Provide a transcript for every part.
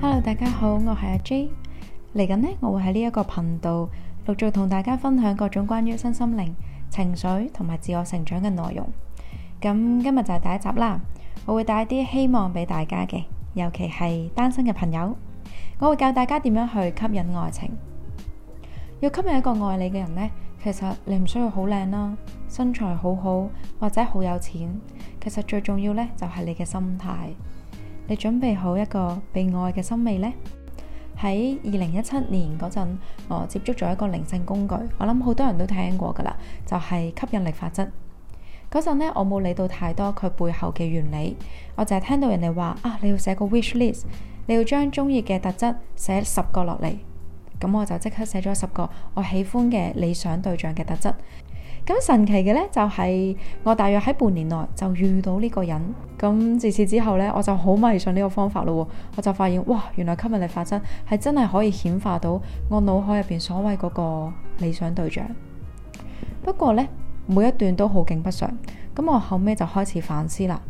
Hello，大家好，我係阿 J。嚟緊呢，我會喺呢一個頻道陸續同大家分享各種關於身心靈、情緒同埋自我成長嘅內容。咁今日就係第一集啦，我會帶啲希望俾大家嘅，尤其係單身嘅朋友。我會教大家點樣去吸引愛情。要吸引一個愛你嘅人呢，其實你唔需要好靚啦，身材好好或者好有錢，其實最重要呢，就係你嘅心態。你準備好一個被愛嘅心未呢？喺二零一七年嗰陣，我接觸咗一個靈性工具，我諗好多人都聽過㗎啦，就係吸引力法則。嗰陣呢，我冇理到太多佢背後嘅原理，我就係聽到人哋話啊，你要寫個 wish list，你要將中意嘅特質寫十個落嚟，咁我就即刻寫咗十個我喜歡嘅理想對象嘅特質。咁神奇嘅呢，就係我大約喺半年內就遇到呢個人，咁自此之後呢，我就好迷信呢個方法咯。我就發現，哇，原來吸引力法則係真係可以顯化到我腦海入邊所謂嗰個理想對象。不過呢，每一段都好景不長，咁我後尾就開始反思啦。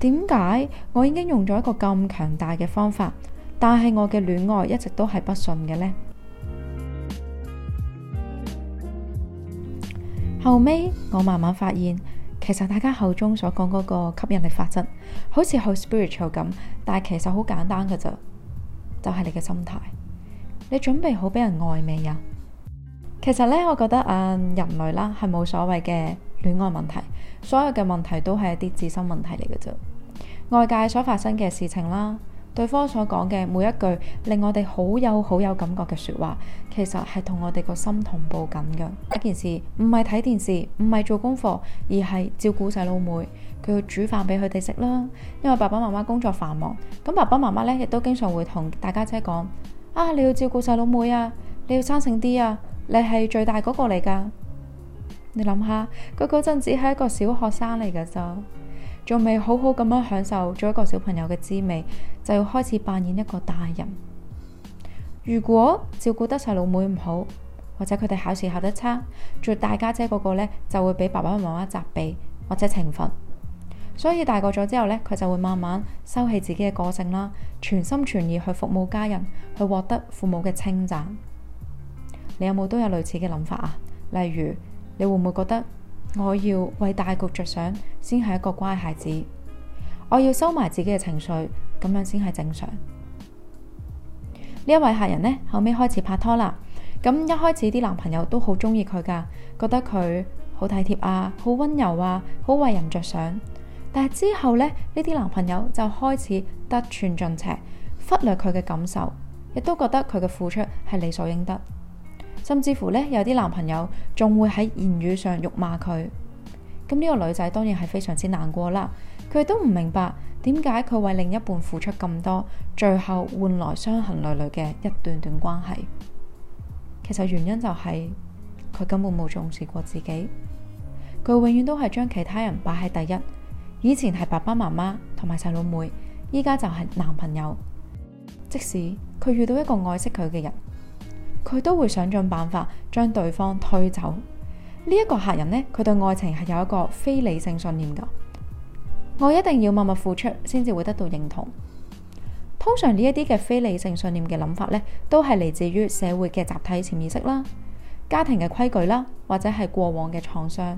點解我已經用咗一個咁強大嘅方法，但係我嘅戀愛一直都係不順嘅呢？後尾我慢慢發現，其實大家口中所講嗰個吸引力法則，好似好 spiritual 咁，但係其實好簡單噶咋，就係、是、你嘅心態，你準備好俾人愛未啊？其實呢，我覺得誒、啊，人類啦係冇所謂嘅戀愛問題，所有嘅問題都係一啲自身問題嚟噶啫，外界所發生嘅事情啦。對方所講嘅每一句令我哋好有好有感覺嘅説話，其實係同我哋個心同步緊嘅一件事。唔係睇電視，唔係做功課，而係照顧細佬妹。佢要煮飯俾佢哋食啦。因為爸爸媽媽工作繁忙，咁爸爸媽媽呢，亦都經常會同大家姐講：啊，你要照顧細佬妹啊，你要生性啲啊，你係最大嗰個嚟㗎。你諗下，佢嗰陣只係一個小學生嚟㗎咋。仲未好好咁樣享受做一個小朋友嘅滋味，就要開始扮演一個大人。如果照顧得細佬妹唔好，或者佢哋考試考得差，做大家姐嗰個呢，就會俾爸爸媽媽責備或者懲罰。所以大個咗之後呢，佢就會慢慢收起自己嘅個性啦，全心全意去服務家人，去獲得父母嘅稱讚。你有冇都有類似嘅諗法啊？例如你會唔會覺得？我要為大局着想，先係一個乖孩子。我要收埋自己嘅情緒，咁樣先係正常。呢一位客人呢，後尾開始拍拖啦。咁一開始啲男朋友都好中意佢噶，覺得佢好體貼啊，好温柔啊，好為人着想。但係之後呢，呢啲男朋友就開始得寸進尺，忽略佢嘅感受，亦都覺得佢嘅付出係理所應得。甚至乎咧，有啲男朋友仲會喺言語上辱罵佢，咁呢個女仔當然係非常之難過啦。佢都唔明白點解佢為另一半付出咁多，最後換來傷痕累累嘅一段段關係。其實原因就係，佢根本冇重視過自己，佢永遠都係將其他人擺喺第一。以前係爸爸媽媽同埋細佬妹，依家就係男朋友。即使佢遇到一個愛惜佢嘅人。佢都會想盡辦法將對方推走。呢一個客人呢，佢對愛情係有一個非理性信念噶。我一定要默默付出先至會得到認同。通常呢一啲嘅非理性信念嘅諗法呢，都係嚟自於社會嘅集體潛意識啦、家庭嘅規矩啦，或者係過往嘅創傷。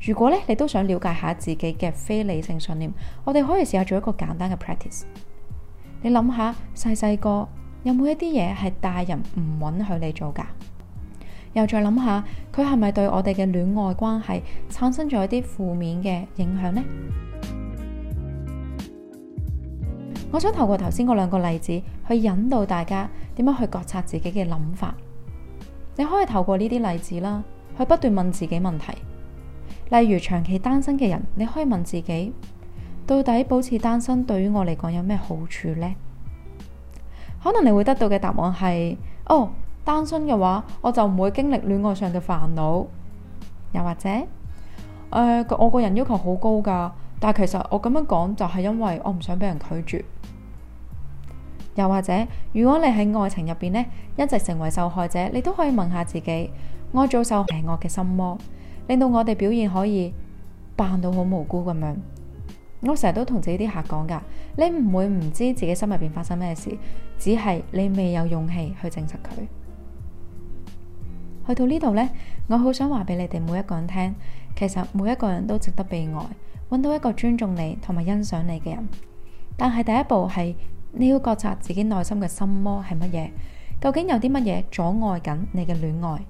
如果咧你都想了解下自己嘅非理性信念，我哋可以試下做一個簡單嘅 practice。你諗下細細個。有冇一啲嘢係大人唔允許你做噶？又再諗下，佢係咪對我哋嘅戀愛關係產生咗一啲負面嘅影響呢？ 我想透過頭先嗰兩個例子去引導大家點樣去覺察自己嘅諗法。你可以透過呢啲例子啦，去不斷問自己問題。例如長期單身嘅人，你可以問自己：到底保持單身對於我嚟講有咩好處呢？可能你會得到嘅答案係，哦，單身嘅話，我就唔會經歷戀愛上嘅煩惱。又或者，誒、呃，我個人要求好高㗎，但係其實我咁樣講就係因為我唔想俾人拒絕。又或者，如果你喺愛情入邊呢，一直成為受害者，你都可以問下自己，我做受邪惡嘅心魔，令到我哋表現可以扮到好無辜咁樣。我成日都同自己啲客講噶，你唔會唔知自己心入邊發生咩事，只係你未有勇氣去證實佢。去到呢度呢，我好想話俾你哋每一個人聽，其實每一個人都值得被愛，搵到一個尊重你同埋欣賞你嘅人。但係第一步係你要覺察自己內心嘅心魔係乜嘢，究竟有啲乜嘢阻礙緊你嘅戀愛。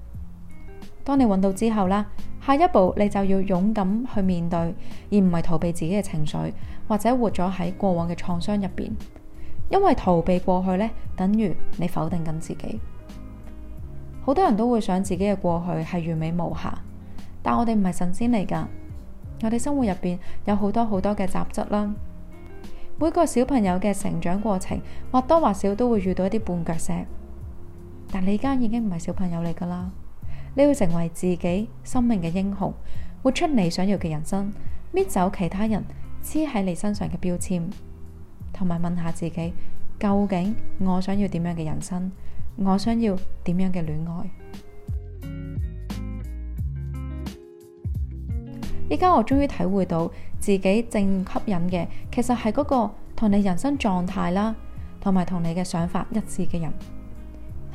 當你揾到之後啦，下一步你就要勇敢去面對，而唔係逃避自己嘅情緒，或者活咗喺過往嘅創傷入邊。因為逃避過去呢，等於你否定緊自己。好多人都會想自己嘅過去係完美無瑕，但我哋唔係神仙嚟㗎。我哋生活入邊有好多好多嘅雜質啦。每個小朋友嘅成長過程或多或少都會遇到一啲絆腳石，但你而家已經唔係小朋友嚟㗎喇。你會成為自己生命嘅英雄，活出你想要嘅人生，搣走其他人黐喺你身上嘅標籤，同埋問下自己，究竟我想要點樣嘅人生？我想要點樣嘅戀愛？依家 我終於體會到，自己正吸引嘅，其實係嗰個同你人生狀態啦，同埋同你嘅想法一致嘅人。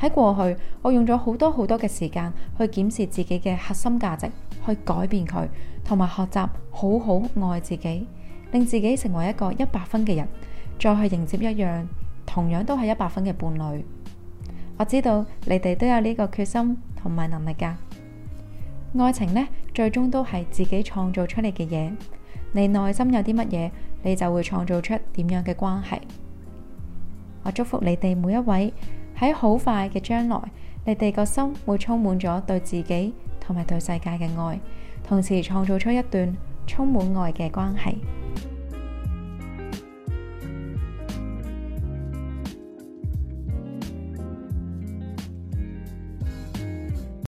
喺過去，我用咗好多好多嘅時間去檢視自己嘅核心價值，去改變佢，同埋學習好好愛自己，令自己成為一個一百分嘅人，再去迎接一樣同樣都係一百分嘅伴侶。我知道你哋都有呢個決心同埋能力㗎。愛情呢，最終都係自己創造出嚟嘅嘢。你內心有啲乜嘢，你就會創造出點樣嘅關係。我祝福你哋每一位。喺好快嘅將來，你哋個心會充滿咗對自己同埋對世界嘅愛，同時創造出一段充滿愛嘅關係。